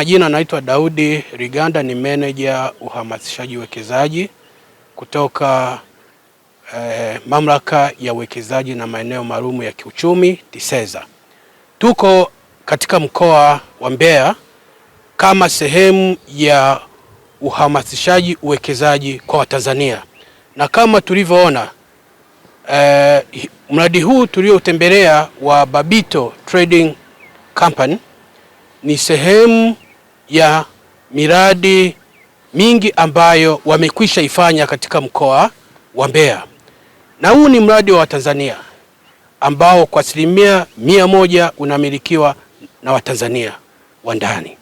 Majina anaitwa Daudi Riganda, ni meneja uhamasishaji uwekezaji kutoka eh, mamlaka ya uwekezaji na maeneo maalum ya kiuchumi TISEZA. Tuko katika mkoa wa Mbeya kama sehemu ya uhamasishaji uwekezaji kwa Watanzania, na kama tulivyoona eh, mradi huu tulioutembelea wa Babito Trading Company ni sehemu ya miradi mingi ambayo wamekwisha ifanya katika mkoa wa Mbeya, na huu ni mradi wa Watanzania ambao kwa asilimia mia moja unamilikiwa na Watanzania wa ndani,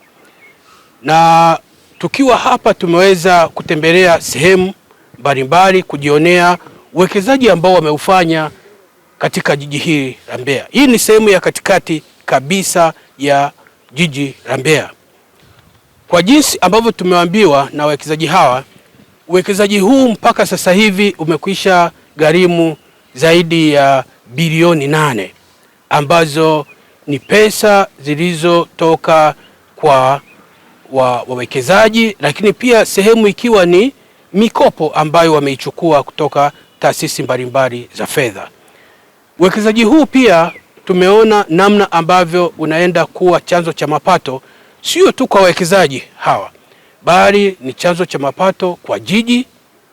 na tukiwa hapa tumeweza kutembelea sehemu mbalimbali kujionea uwekezaji ambao wameufanya katika jiji hili la Mbeya. Hii ni sehemu ya katikati kabisa ya jiji la Mbeya kwa jinsi ambavyo tumeambiwa na wawekezaji hawa, uwekezaji huu mpaka sasa hivi umekwisha gharimu zaidi ya bilioni nane ambazo ni pesa zilizotoka kwa wawekezaji lakini pia sehemu ikiwa ni mikopo ambayo wameichukua kutoka taasisi mbalimbali za fedha. Uwekezaji huu pia tumeona namna ambavyo unaenda kuwa chanzo cha mapato sio tu kwa wawekezaji hawa, bali ni chanzo cha mapato kwa jiji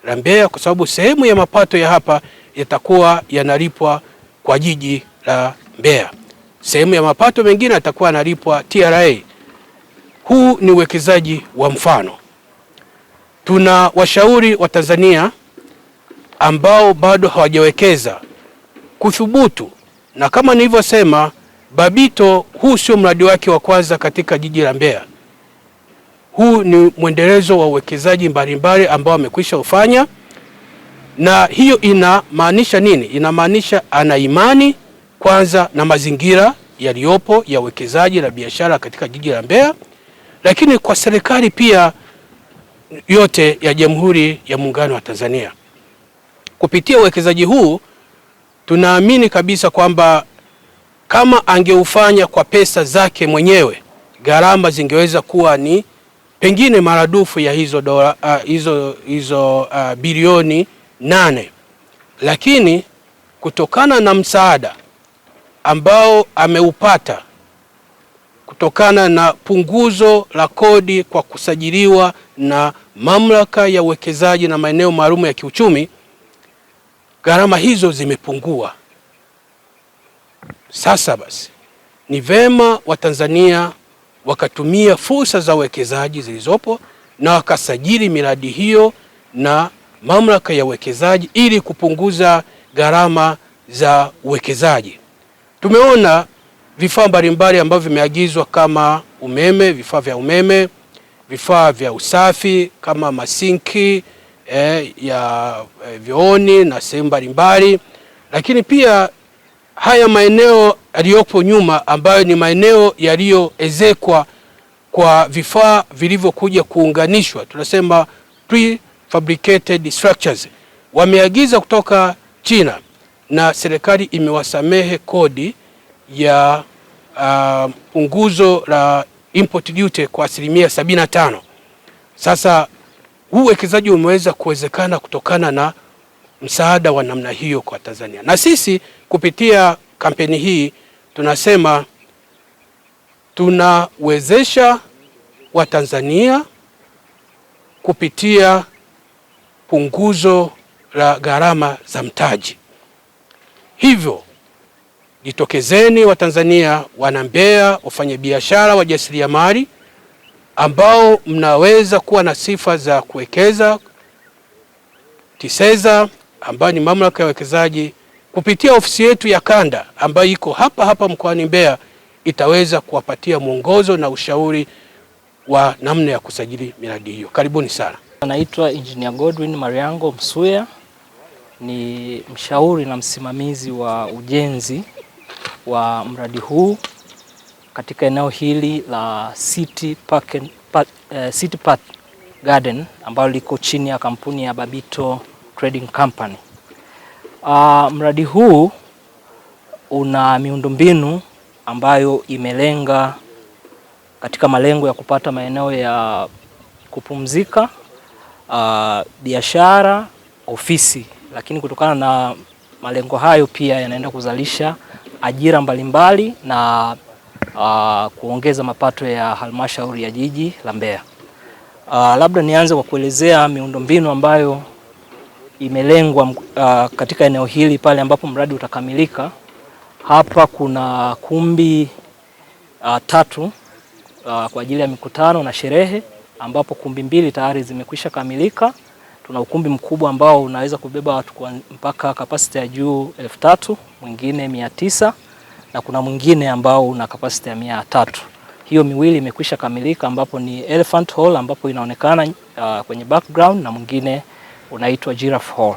la Mbeya, kwa sababu sehemu ya mapato ya hapa yatakuwa yanalipwa kwa jiji la Mbeya, sehemu ya mapato mengine yatakuwa yanalipwa TRA. Huu ni uwekezaji wa mfano. Tuna washauri wa Tanzania ambao bado hawajawekeza kuthubutu, na kama nilivyosema Babito huu sio mradi wake wa kwanza katika jiji la Mbeya. Huu ni mwendelezo wa uwekezaji mbalimbali ambao amekwisha ufanya, na hiyo inamaanisha nini? Inamaanisha ana imani kwanza na mazingira yaliyopo ya uwekezaji na biashara katika jiji la Mbeya, lakini kwa serikali pia yote ya Jamhuri ya Muungano wa Tanzania. Kupitia uwekezaji huu tunaamini kabisa kwamba kama angeufanya kwa pesa zake mwenyewe, gharama zingeweza kuwa ni pengine maradufu ya hizo dola, uh, hizo, hizo uh, bilioni nane, lakini kutokana na msaada ambao ameupata kutokana na punguzo la kodi kwa kusajiliwa na Mamlaka ya Uwekezaji na Maeneo Maalum ya Kiuchumi, gharama hizo zimepungua. Sasa basi ni vema Watanzania wakatumia fursa za uwekezaji zilizopo na wakasajili miradi hiyo na mamlaka ya uwekezaji ili kupunguza gharama za uwekezaji. Tumeona vifaa mbalimbali ambavyo vimeagizwa kama umeme, vifaa vya umeme, vifaa vya usafi kama masinki eh, ya eh, vyooni na sehemu mbalimbali, lakini pia haya maeneo yaliyopo nyuma ambayo ni maeneo yaliyoezekwa kwa vifaa vilivyokuja kuunganishwa, tunasema prefabricated structures, wameagiza kutoka China na serikali imewasamehe kodi ya uh, punguzo la import duty kwa asilimia 75. Sasa huu uwekezaji umeweza kuwezekana kutokana na msaada wa namna hiyo kwa Tanzania. Na sisi kupitia kampeni hii tunasema tunawezesha Watanzania kupitia punguzo la gharama za mtaji. Hivyo jitokezeni Watanzania, wana Mbeya, wafanyabiashara, wajasiriamali ambao mnaweza kuwa na sifa za kuwekeza TISEZA ambayo ni mamlaka ya wekezaji kupitia ofisi yetu ya kanda ambayo iko hapa hapa mkoani Mbeya itaweza kuwapatia mwongozo na ushauri wa namna ya kusajili miradi hiyo. Karibuni sana. Anaitwa Engineer Godwin Mariango Msuya, ni mshauri na msimamizi wa ujenzi wa mradi huu katika eneo hili la City Park, Park, uh, City Park Garden ambalo liko chini ya kampuni ya Babito Trading Company. Uh, mradi huu una miundombinu ambayo imelenga katika malengo ya kupata maeneo ya kupumzika, uh, biashara, ofisi, lakini kutokana na malengo hayo pia yanaenda kuzalisha ajira mbalimbali na uh, kuongeza mapato ya halmashauri ya jiji la Mbeya. Uh, labda nianze kwa kuelezea miundombinu ambayo imelengwa uh, katika eneo hili pale ambapo mradi utakamilika. Hapa kuna kumbi uh, tatu uh, kwa ajili ya mikutano na sherehe, ambapo kumbi mbili tayari zimekwisha kamilika. Tuna ukumbi mkubwa ambao unaweza kubeba watu kwa mpaka kapasiti ya juu elfu tatu, mwingine mia tisa na kuna mwingine ambao una kapasiti ya mia tatu. Hiyo miwili imekwisha kamilika, ambapo ni Elephant Hall ambapo inaonekana uh, kwenye background na mwingine unaitwa Giraffe Hall.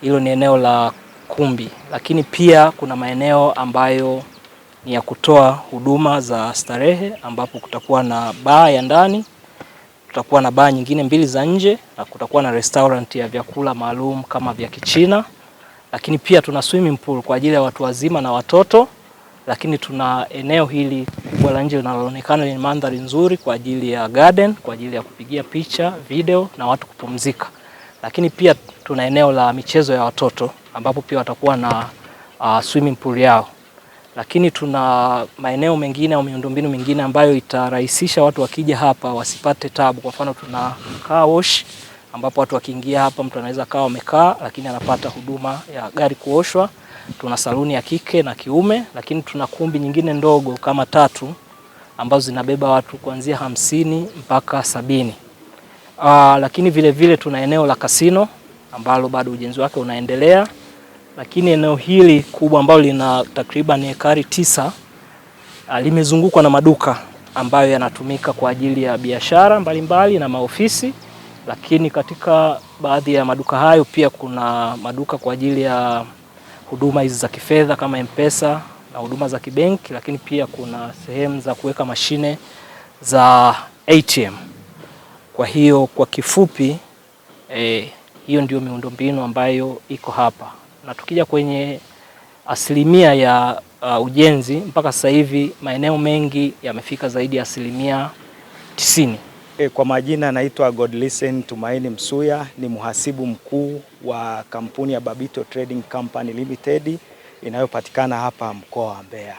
Hilo ni eneo la kumbi, lakini pia kuna maeneo ambayo ni ya kutoa huduma za starehe, ambapo kutakuwa na baa ya ndani, kutakuwa na baa nyingine mbili za nje, na kutakuwa na restaurant ya vyakula maalum kama vya Kichina, lakini pia tuna swimming pool kwa ajili ya watu wazima na watoto, lakini tuna eneo hili kubwa la nje linaloonekana ni mandhari nzuri kwa ajili ya garden, kwa ajili ya kupigia picha, video na watu kupumzika lakini pia tuna eneo la michezo ya watoto ambapo pia watakuwa na uh, swimming pool yao, lakini tuna maeneo mengine au miundombinu mingine ambayo itarahisisha watu wakija hapa wasipate tabu. Kwa mfano tuna car wash ambapo watu wakiingia hapa mtu anaweza kawa amekaa lakini anapata huduma ya gari kuoshwa. Tuna saluni ya kike na kiume, lakini tuna kumbi nyingine ndogo kama tatu ambazo zinabeba watu kuanzia hamsini mpaka sabini. Aa, ah, lakini vile vile tuna eneo la kasino ambalo bado ujenzi wake unaendelea, lakini eneo hili kubwa ambalo lina takriban ekari tisa ah, limezungukwa na maduka ambayo yanatumika kwa ajili ya biashara mbalimbali na maofisi, lakini katika baadhi ya maduka hayo pia kuna maduka kwa ajili ya huduma hizi za kifedha kama M-Pesa na huduma za kibenki, lakini pia kuna sehemu za kuweka mashine za ATM. Kwa hiyo kwa kifupi eh, hiyo ndio miundombinu ambayo iko hapa, na tukija kwenye asilimia ya uh, ujenzi mpaka sasa hivi maeneo mengi yamefika zaidi ya asilimia tisini. Eh, kwa majina naitwa Godlisten Tumaini Msuya, ni mhasibu mkuu wa kampuni ya Babito Trading Company Limited inayopatikana hapa mkoa wa Mbeya.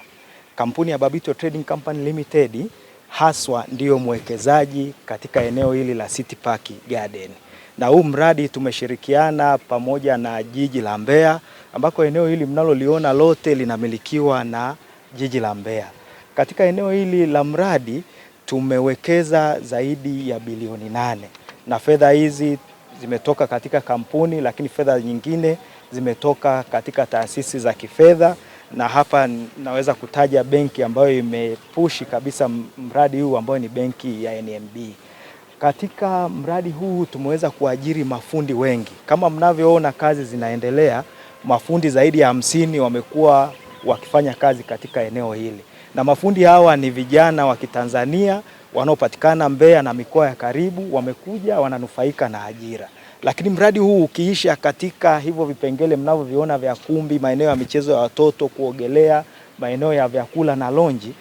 Kampuni ya Babito Trading Company Limited haswa ndiyo mwekezaji katika eneo hili la City Park Garden, na huu mradi tumeshirikiana pamoja na jiji la Mbeya, ambako eneo hili mnaloliona lote linamilikiwa na jiji la Mbeya. Katika eneo hili la mradi tumewekeza zaidi ya bilioni nane na fedha hizi zimetoka katika kampuni, lakini fedha nyingine zimetoka katika taasisi za kifedha na hapa naweza kutaja benki ambayo imepushi kabisa mradi huu ambayo ni benki ya NMB. Katika mradi huu tumeweza kuajiri mafundi wengi. Kama mnavyoona kazi zinaendelea, mafundi zaidi ya hamsini wamekuwa wakifanya kazi katika eneo hili, na mafundi hawa ni vijana wa Kitanzania wanaopatikana Mbeya na mikoa ya karibu, wamekuja wananufaika na ajira. Lakini mradi huu ukiisha katika hivyo vipengele mnavyoviona vya kumbi, maeneo ya michezo ya watoto, kuogelea, maeneo ya vyakula na lonji,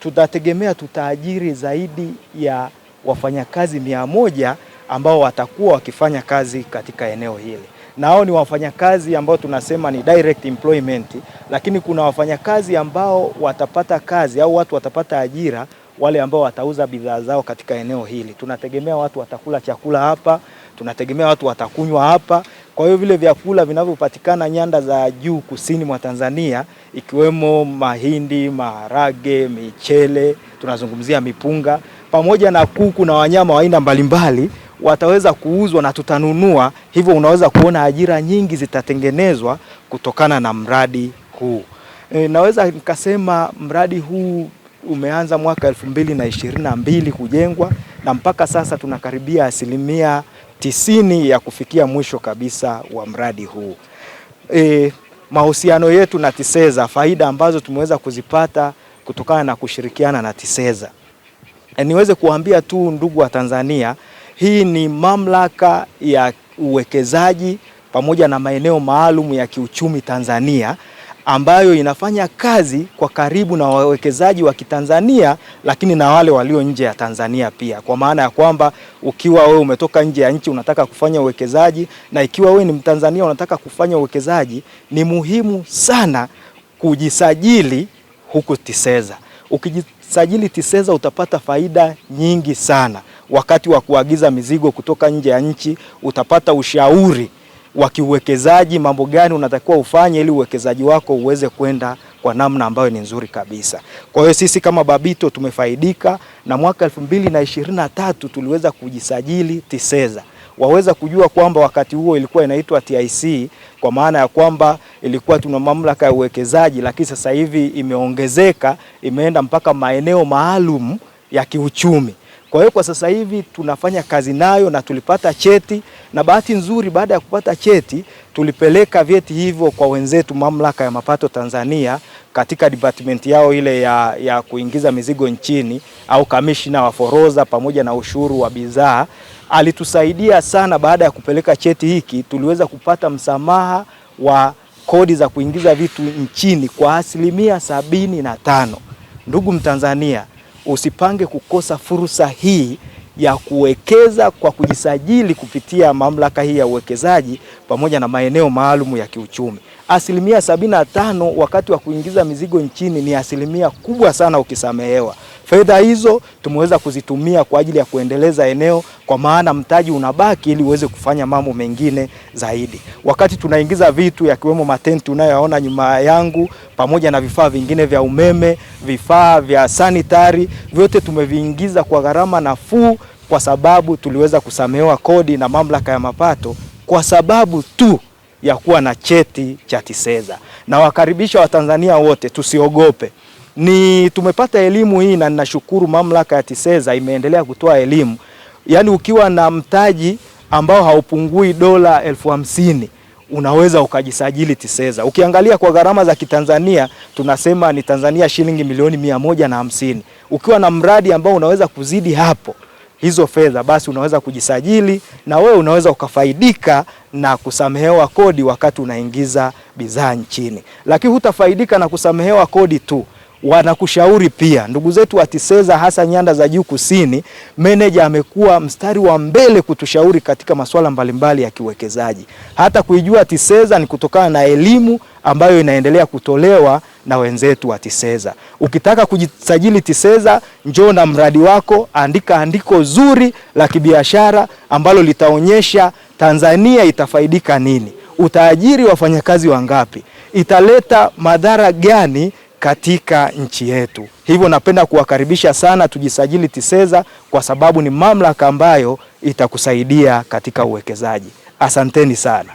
tutategemea tutaajiri zaidi ya wafanyakazi mia moja ambao watakuwa wakifanya kazi katika eneo hili na hao ni wafanyakazi ambao tunasema ni direct employment, lakini kuna wafanyakazi ambao watapata kazi au watu watapata ajira, wale ambao watauza bidhaa zao katika eneo hili. Tunategemea watu watakula chakula hapa tunategemea watu watakunywa hapa. Kwa hiyo vile vyakula vinavyopatikana nyanda za juu kusini mwa Tanzania ikiwemo mahindi, maharage, michele, tunazungumzia mipunga pamoja na kuku na wanyama wa aina mbalimbali wataweza kuuzwa na tutanunua. Hivyo unaweza kuona ajira nyingi zitatengenezwa kutokana na mradi huu. E, naweza nikasema mradi huu umeanza mwaka elfu mbili na ishirini na mbili kujengwa na mpaka sasa tunakaribia asilimia tisini ya kufikia mwisho kabisa wa mradi huu. E, mahusiano yetu na Tiseza, faida ambazo tumeweza kuzipata kutokana na kushirikiana na Tiseza. E, niweze kuambia tu ndugu wa Tanzania, hii ni mamlaka ya uwekezaji pamoja na maeneo maalum ya kiuchumi Tanzania ambayo inafanya kazi kwa karibu na wawekezaji wa Kitanzania, lakini na wale walio nje ya Tanzania pia, kwa maana ya kwamba ukiwa wewe umetoka nje ya nchi unataka kufanya uwekezaji, na ikiwa wewe ni Mtanzania unataka kufanya uwekezaji, ni muhimu sana kujisajili huku TISEZA. Ukijisajili TISEZA utapata faida nyingi sana. Wakati wa kuagiza mizigo kutoka nje ya nchi utapata ushauri wa kiuwekezaji, mambo gani unatakiwa ufanye ili uwekezaji wako uweze kwenda kwa namna ambayo ni nzuri kabisa. Kwa hiyo sisi kama Babito tumefaidika na mwaka 2023 tuliweza kujisajili TISEZA. Waweza kujua kwamba wakati huo ilikuwa inaitwa TIC kwa maana ya kwamba ilikuwa tuna mamlaka ya uwekezaji, lakini sasa hivi imeongezeka, imeenda mpaka maeneo maalum ya kiuchumi. Kwa hiyo kwa sasa hivi tunafanya kazi nayo na tulipata cheti, na bahati nzuri baada ya kupata cheti tulipeleka vyeti hivyo kwa wenzetu Mamlaka ya Mapato Tanzania katika department yao ile ya, ya kuingiza mizigo nchini au kamishina wa forodha pamoja na ushuru wa bidhaa alitusaidia sana. Baada ya kupeleka cheti hiki tuliweza kupata msamaha wa kodi za kuingiza vitu nchini kwa asilimia sabini na tano. Ndugu Mtanzania, usipange kukosa fursa hii ya kuwekeza kwa kujisajili kupitia mamlaka hii ya uwekezaji pamoja na maeneo maalum ya kiuchumi asilimia sabini na tano wakati wa kuingiza mizigo nchini ni asilimia kubwa sana ukisamehewa. Fedha hizo tumeweza kuzitumia kwa ajili ya kuendeleza eneo, kwa maana mtaji unabaki ili uweze kufanya mambo mengine zaidi. Wakati tunaingiza vitu yakiwemo matenti unayoyaona nyuma yangu, pamoja na vifaa vingine vya umeme, vifaa vya sanitari, vyote tumeviingiza kwa gharama nafuu, kwa sababu tuliweza kusamehewa kodi na mamlaka ya mapato kwa sababu tu ya kuwa na cheti cha TISEZA. Nawakaribisha Watanzania wote tusiogope. Ni tumepata elimu hii na ninashukuru mamlaka ya TISEZA imeendelea kutoa elimu. Yaani ukiwa na mtaji ambao haupungui dola elfu hamsini unaweza ukajisajili TISEZA. Ukiangalia kwa gharama za Kitanzania tunasema ni Tanzania shilingi milioni mia moja na hamsini. Ukiwa na mradi ambao unaweza kuzidi hapo hizo fedha, basi unaweza kujisajili na wewe unaweza ukafaidika na kusamehewa kodi wakati unaingiza bidhaa nchini, lakini hutafaidika na kusamehewa kodi tu wanakushauri pia. Ndugu zetu wa TISEZA hasa nyanda za juu kusini, meneja amekuwa mstari wa mbele kutushauri katika masuala mbalimbali ya kiwekezaji. Hata kuijua TISEZA ni kutokana na elimu ambayo inaendelea kutolewa na wenzetu wa TISEZA. Ukitaka kujisajili TISEZA, njoo na mradi wako, andika andiko zuri la kibiashara ambalo litaonyesha Tanzania itafaidika nini, utaajiri wafanyakazi wangapi, italeta madhara gani katika nchi yetu. Hivyo napenda kuwakaribisha sana tujisajili TISEZA kwa sababu ni mamlaka ambayo itakusaidia katika uwekezaji. Asanteni sana.